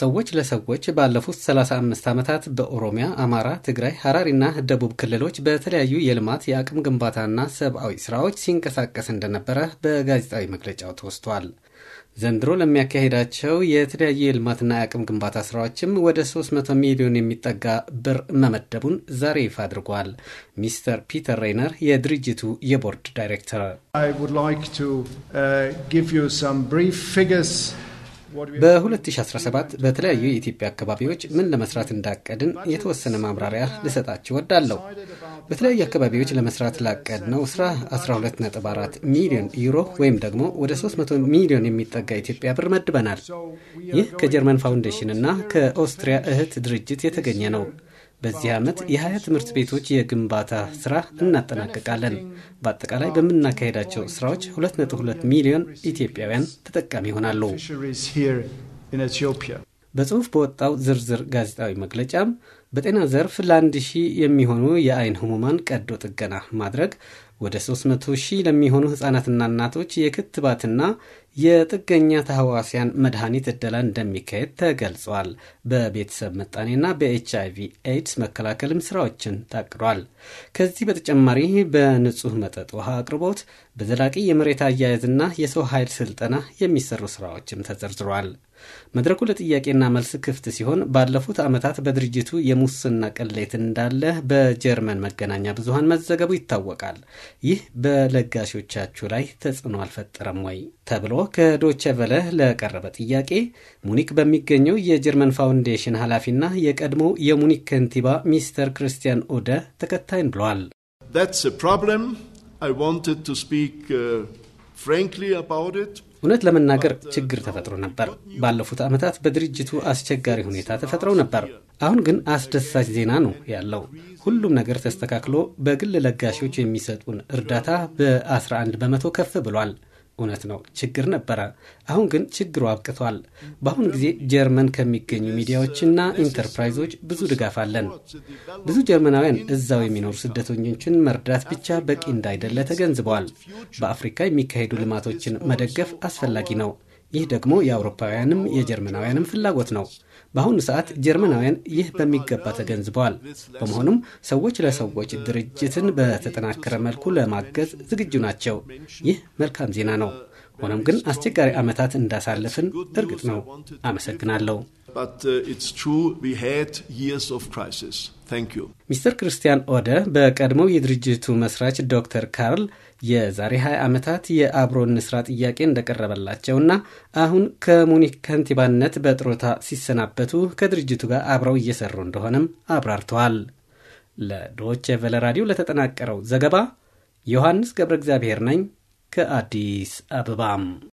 ሰዎች ለሰዎች ባለፉት 35 ዓመታት በኦሮሚያ፣ አማራ፣ ትግራይ፣ ሐራሪና ደቡብ ክልሎች በተለያዩ የልማት የአቅም ግንባታና ሰብአዊ ስራዎች ሲንቀሳቀስ እንደነበረ በጋዜጣዊ መግለጫው ተወስቷል። ዘንድሮ ለሚያካሄዳቸው የተለያዩ የልማትና የአቅም ግንባታ ስራዎችም ወደ 300 ሚሊዮን የሚጠጋ ብር መመደቡን ዛሬ ይፋ አድርጓል። ሚስተር ፒተር ሬይነር የድርጅቱ የቦርድ ዳይሬክተር በ2017 በተለያዩ የኢትዮጵያ አካባቢዎች ምን ለመስራት እንዳቀድን የተወሰነ ማብራሪያ ልሰጣችሁ ወዳለሁ። በተለያዩ አካባቢዎች ለመስራት ላቀድነው ስራ 12.4 ሚሊዮን ዩሮ ወይም ደግሞ ወደ 300 ሚሊዮን የሚጠጋ ኢትዮጵያ ብር መድበናል። ይህ ከጀርመን ፋውንዴሽን እና ከኦስትሪያ እህት ድርጅት የተገኘ ነው። በዚህ ዓመት የሀያ ትምህርት ቤቶች የግንባታ ስራ እናጠናቀቃለን። በአጠቃላይ በምናካሄዳቸው ስራዎች 2.2 ሚሊዮን ኢትዮጵያውያን ተጠቃሚ ይሆናሉ። በጽሁፍ በወጣው ዝርዝር ጋዜጣዊ መግለጫም በጤና ዘርፍ ለአንድ ሺህ የሚሆኑ የአይን ህሙማን ቀዶ ጥገና ማድረግ ወደ 300 ሺህ ለሚሆኑ ሕፃናትና እናቶች የክትባትና የጥገኛ ተህዋስያን መድኃኒት እደላ እንደሚካሄድ ተገልጿል። በቤተሰብ ምጣኔና በኤች አይ ቪ ኤድስ መከላከልም ስራዎችን ታቅዷል። ከዚህ በተጨማሪ በንጹህ መጠጥ ውሃ አቅርቦት፣ በዘላቂ የመሬት አያያዝና የሰው ኃይል ስልጠና የሚሰሩ ስራዎችም ተዘርዝሯል። መድረኩ ለጥያቄና መልስ ክፍት ሲሆን ባለፉት ዓመታት በድርጅቱ የሙስና ቅሌት እንዳለ በጀርመን መገናኛ ብዙሃን መዘገቡ ይታወቃል። ይህ በለጋሾቻችሁ ላይ ተጽዕኖ አልፈጠረም ወይ ተብሎ ከዶቸ ቨለ ለቀረበ ጥያቄ ሙኒክ በሚገኘው የጀርመን ፋውንዴሽን ኃላፊና የቀድሞ የሙኒክ ከንቲባ ሚስተር ክርስቲያን ኦደ ተከታይን ብለዋል። እውነት ለመናገር uh, ችግር ተፈጥሮ ነበር። ባለፉት ዓመታት በድርጅቱ አስቸጋሪ ሁኔታ ተፈጥረው ነበር። አሁን ግን አስደሳች ዜና ነው ያለው። ሁሉም ነገር ተስተካክሎ በግል ለጋሾች የሚሰጡን እርዳታ በ11 በመቶ ከፍ ብሏል። እውነት ነው ችግር ነበረ። አሁን ግን ችግሩ አብቅቷል። በአሁኑ ጊዜ ጀርመን ከሚገኙ ሚዲያዎችና ኢንተርፕራይዞች ብዙ ድጋፍ አለን። ብዙ ጀርመናውያን እዛው የሚኖሩ ስደተኞችን መርዳት ብቻ በቂ እንዳይደለ ተገንዝበዋል። በአፍሪካ የሚካሄዱ ልማቶችን መደገፍ አስፈላጊ ነው። ይህ ደግሞ የአውሮፓውያንም የጀርመናውያንም ፍላጎት ነው። በአሁኑ ሰዓት ጀርመናውያን ይህ በሚገባ ተገንዝበዋል። በመሆኑም ሰዎች ለሰዎች ድርጅትን በተጠናከረ መልኩ ለማገዝ ዝግጁ ናቸው። ይህ መልካም ዜና ነው። ሆኖም ግን አስቸጋሪ ዓመታት እንዳሳለፍን እርግጥ ነው። አመሰግናለሁ። uh, ሚስተር ክርስቲያን ኦደ በቀድሞው የድርጅቱ መስራች ዶክተር ካርል የዛሬ 20 ዓመታት የአብሮ ንስራ ጥያቄ እንደቀረበላቸውና አሁን ከሙኒክ ከንቲባነት በጥሮታ ሲሰናበቱ ከድርጅቱ ጋር አብረው እየሰሩ እንደሆነም አብራርተዋል። ለዶቼ ቨለ ራዲዮ ለተጠናቀረው ዘገባ ዮሐንስ ገብረ እግዚአብሔር ነኝ። ከአዲስ አበባም